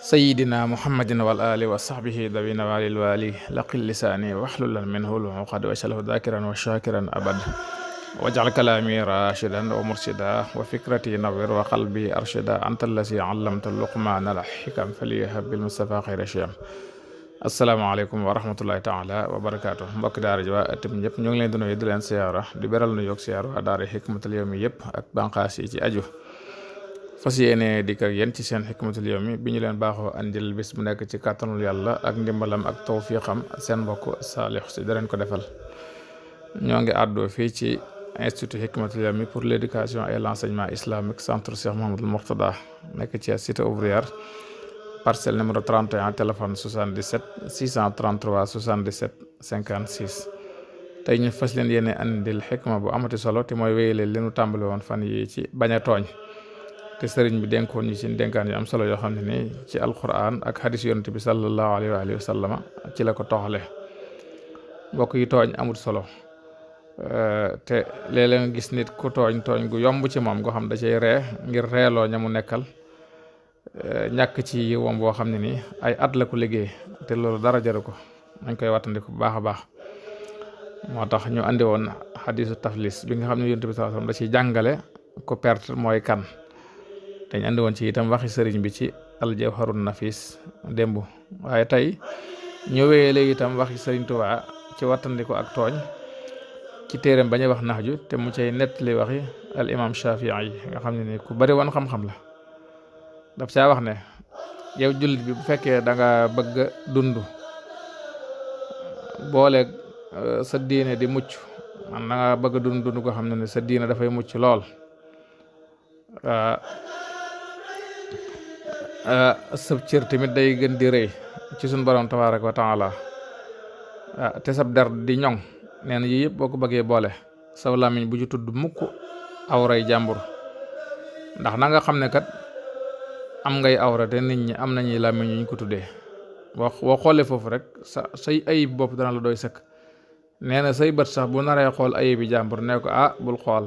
sayidina muhammadin wal ali wa sahbihi dawina walil wali laqil lisaani waxlulan minhu lmuqad wajalhu dakiran wa shakiran abad wajal kalaami rashidan wa mursida wa fikrati nawir wa qalbi arshida anta allasi allamta luqmaana al xikam faliyahab bil mustafa xayra shiyam asalaamaaleykum wa rahmatullahi taala wa barakaatu mbokki daara ji waa ëttëm ñëpp ñu ngi leen di nuyu di leen siyaara di beral nu yokk siyaar waa daara xikmatul yawmi yëpp ak banqaas yi ci aju fas yéene dikk ak yéen ci seen xikmatul mi bi ñu leen baaxoo andil bis bu nekk ci kàttanul yàlla ak ndimbalam ak tawfiqam seen mbokk Saliou Sy danañ ko defal ñoo ngi àddoo fii ci institut xikmatul yawmi pour l'éducation et l'enseignement islamique centre Cheikh Mouhamadoul Mourtada nekk ci cité ouvrière parcelle numéro 31 téléphone 77 633 77 56 tey ñu fas leen yéene andil xikma bu amati solo te mooy wéyale li nu tàmbali woon fan yi ci bañ a tooñ te sëriñ bi denkoon ñu ci dénkaan yi am solo yoo xam ne nii ci alquran ak hadis yonent bi sallallahu alayhi wa sallama ci la ko toxale mbokk yi tooñ amul solo euh, te léeg-léeg gis nit ku tooñ tooñ gu yomb ci moom goo xam da cay ngir reeloo ña mu nekkal euh, ñàkk ci yiwam xam ne nii ay at la ko liggéey te loolu dara jaru ko nañ koy wattandiku bu baax a baax moo tax ñu andi woon xadisu taflis bi nga xam ne yonent bi sallallahu alayhi wa sallam da ciy jàngale ku perte mooy kan dañ andi ci itam waxi sëriñ bi ci aljawharun nafis démb waaye tey ñëwee léegi itam waxi sëriñ Tuubaa ci wattandiku ak tooñ ci téeram bañuy wax nax ju te mu cay nettali waxi al imam Shafii yi nga xam ne ni ku bari woon xam-xam la daf caa wax ne yow jullit bi bu fekkee da nga bëgg dund boole euh, sa di mucc man da nga bëgg dund dund ko xam ne ni sa diine dafay mucc lool Ah, sab cër tamit day gën di rëy ci suñ borom tabaaraka wa taala ah, te sab der di ñoŋ nee na yii yëpp boo ko bëggee boole saw làmmiñ bu ci tudd mukk awray jàmbur ndax na nga xam ne kat am ngay awra te nit ñi am nañuy làmmiñ ñu ko tuddee wax boo xoolee foofu rek sa say ayib bopp dana la dooy sëkk nee na say bët sax bu naree xool ayibi jàmbur nee ko ah bul xool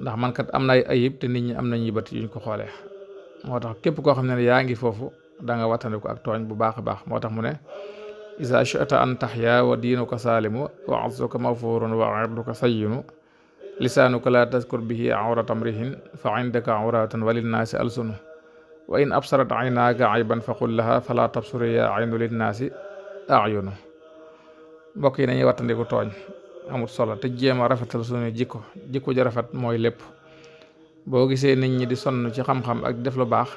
ndax man kat am na ay ayib te nit ñi am nañuy bët yuñ ko xoolee moo tax képp koo xam ne yaa ngi foofu da nga wattandiku ak tooñ bu baax a baax moo tax mu ne isa chata an taxya wa diinuka saalimu wa azzuka mafurun wa irduka sayyinu lisaanuka la taskur bihi awrata mrihin fa indaka awratun wa linnaasi alsunu wa in absarat aynaaka fa qul laha fala tabsuri ya aynu linnaasi ayunu mbokk yi nañuy wattandiku tooñ amut solo te jéem a rafetal suñu jikko jikko ja rafet mooy lépp boo gisee nit ñi di sonn ci xam-xam ak def lu baax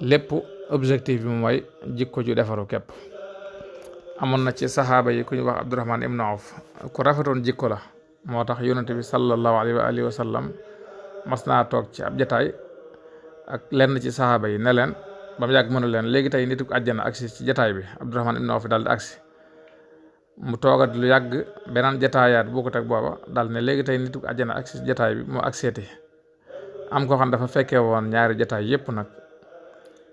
lépp objectif bi mooy jikko ju defaru képp amoon na ci saxaaba yi ku ñu wax Abdurahmaan ibnu Awf ku rafetoon jikko la moo tax yonente bi sallallahu alayhi wa alihi wa mas naa toog ci ab jataay ak lenn ci saxaaba yi ne leen ba mu yàgg mënu leen léegi tey nituk àjjana agsi ci jataay bi Abdurahmaan ibnu Awf daal di agsi mu toogat lu yàgg beneen jataayaat bokkut ak booba daal ne léegi tey nituk àjjana agsi jataay bi moo agseeti am koo xam dafa fekkee woon ñaari jataay yépp nag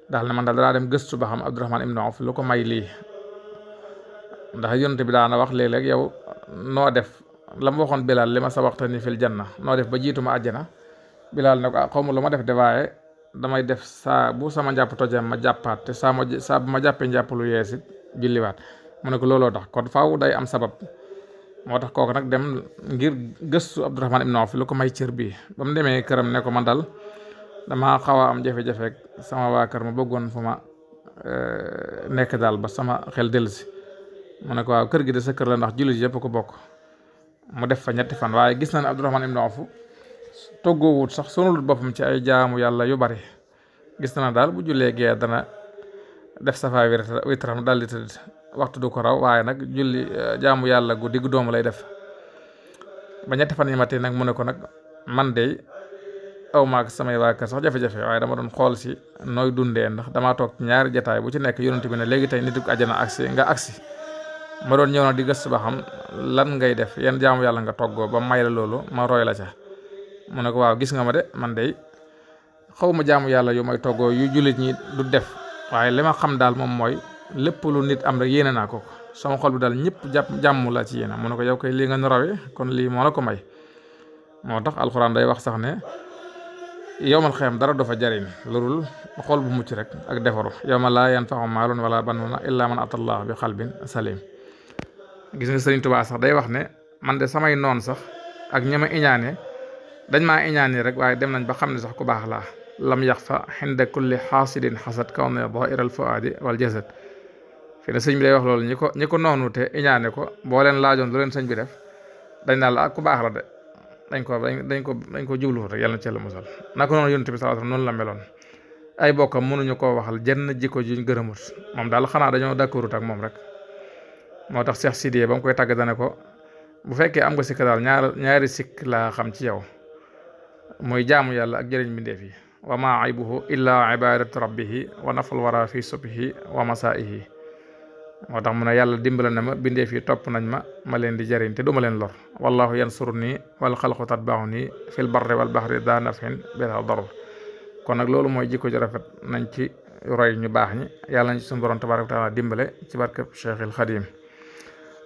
daal ne man daal danaa dem gëstu ba xam Abdurahman ibnu Awf lu ko may lii ndax yonent bi daana wax léeg-léeg yow noo def la mu waxoon Bilaal li ma sa sabaqtanii fil janna noo def ba jiituma àjjana Bilaal ne ko ah xaw ma lu ma def de damay def saa bu sama njàpp tojee ma jàppaat te saa ma saa bu ma jàppee njàpp lu yeesit julliwaat mu ne ko looloo tax kon faaw day am sabab moo tax kooku nag dem ngir gëstu Abdourahman ibn Awf lu ko may cër bii ba mu demee këram ne ko ma dal dama xaw a am jafe-jafe sama waa kër ma bëggoon fu ma eh, nekk daal ba sama xel si mu ne ko waaw kër gi de sa kër la ndax jullit yëpp ko bokk mu def fa ñetti fan waaye gis na ne Abdourahman ibn Awf toggoowut sax sonul boppam ci ay jaamu yàlla yu bari gis na daal bu jullee gee dana def safa witram daal di tëdd waxtu du ko raw waaye nag julli eh, jaamu yàlla gu digg doomu lay def ba ñetti fan yi matee nag mu ne ko nag man de aw maak samay waa kër sax jafe-jafe waaye dama doon xool si nooy dundee ndax damaa toog ñaari jataay bu ci nekk yonent bi ne léegi tey nit ku àjjana agsi nga agsi ma doon ñëw nag di gëstu ba xam lan ngay def yan jaamu yàlla nga toggoo ba may la loolu ma roy la ca mu ne ko waaw gis nga ma de man de xaw ma jaamu yàlla yu may toggoo yu jullit def waaye li ma xam daal moom mooy lépp lu nit am rek yéene naa ko sama xol bi dal ñëpp jàpp jàmm laa ci yéene mu ne ko yow ko lii nga nu rawee kon lii moo la ko may moo tax alxuraan day wax sax ne yowmal xiyam dara du fa jariñ loolu xol bu mucc rek ak defaru yowma laa yanfa'u maalun wala banuuna illaa man bi xalbin salim gis nga sëriñ Tuubaa sax day wax ne man de samay noon sax ak ña ma iñaane dañ maa iñaane rek waaye dem nañ ba xam ne sax ku baax laa lam yax fa xinda kulli xaasidin xasad kaw ne dairal fi ne sëñ bi day wax loolu ñi ko ñi ko noonu te iñaane ko boo leen laajoon lu leen sëñ bi def dañ naan la ah, ku baax la de dañ ko dañ ko dañ ko jublu rek yàlla na ci la musal naka noonu yonent bi sallallahu alayhi noonu la meloon ay bokkam mënuñu koo waxal jenn jikko juñ gërëmut moom daal xanaa dañoo d'accordut ak moom rek moo tax Cheikh Sidiye ba koy tagg dane ko bu fekkee am nga sikk daal ñaar ñaari sikk laa xam ci yow mooy jaamu yàlla ak jëriñ mbindeef yi wa ma aybuhu illa ibadatu rabbihi wa nafal wara fi subhi wa masaihi moo tax mu ne yàlla dimbala na ma bindee fii topp nañ ma ma leen di jariñ te duma leen lor wallahu yansuru nii wal xalqu tatbaaxu nii fil barri wal baxri daa nafin bila darr kon nag loolu mooy jikko ju rafet nañ ci roy ñu baax ñi yàlla nañ ci suñu borom tabaaraka wa dimbale ci barkeb Cheikhul Xadim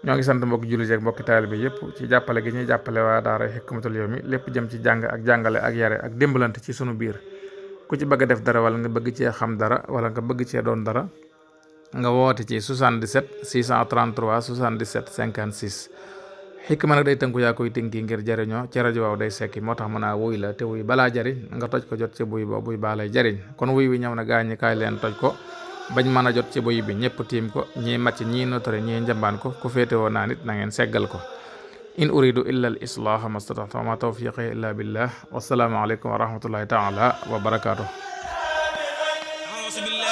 ñoo ngi sant mbokki jullit ak mbokki taalibe bi yëpp ci jàppale gi ñuy jàppale waa daara Hikmatul Yawmi lépp jëm ci jàng ak jàngale ak yare ak dimbalante ci sunu biir ku ci bëgg def dara wala nga bëgg cee xam dara wala nga bëgg cee doon dara nga woote ci 77 633 77 56 xikma nag day tënku yaa koy tënki ngir jariñoo ci rajo day sekki moo tax mën a wuy la te wuy balaa jariñ nga toj ko jot ci buy ba buy baa jariñ kon wuy wi ñëw na gaañ ñi kaay leen toj ko bañ mën a jot ci buy bi ñëpp tiim ko ñii màcc ñii notari ñii njambaan ko ku féete woo naa nit nangeen seggal ko in uridu illa al islaaha mastata'tu wa ma tawfiqi illa billah wasalaamu aleykum wa rahmatullahi taala wa barakaatu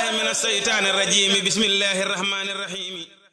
billahi min alseytaani arrajimi bismillahi arrahmani arrahimi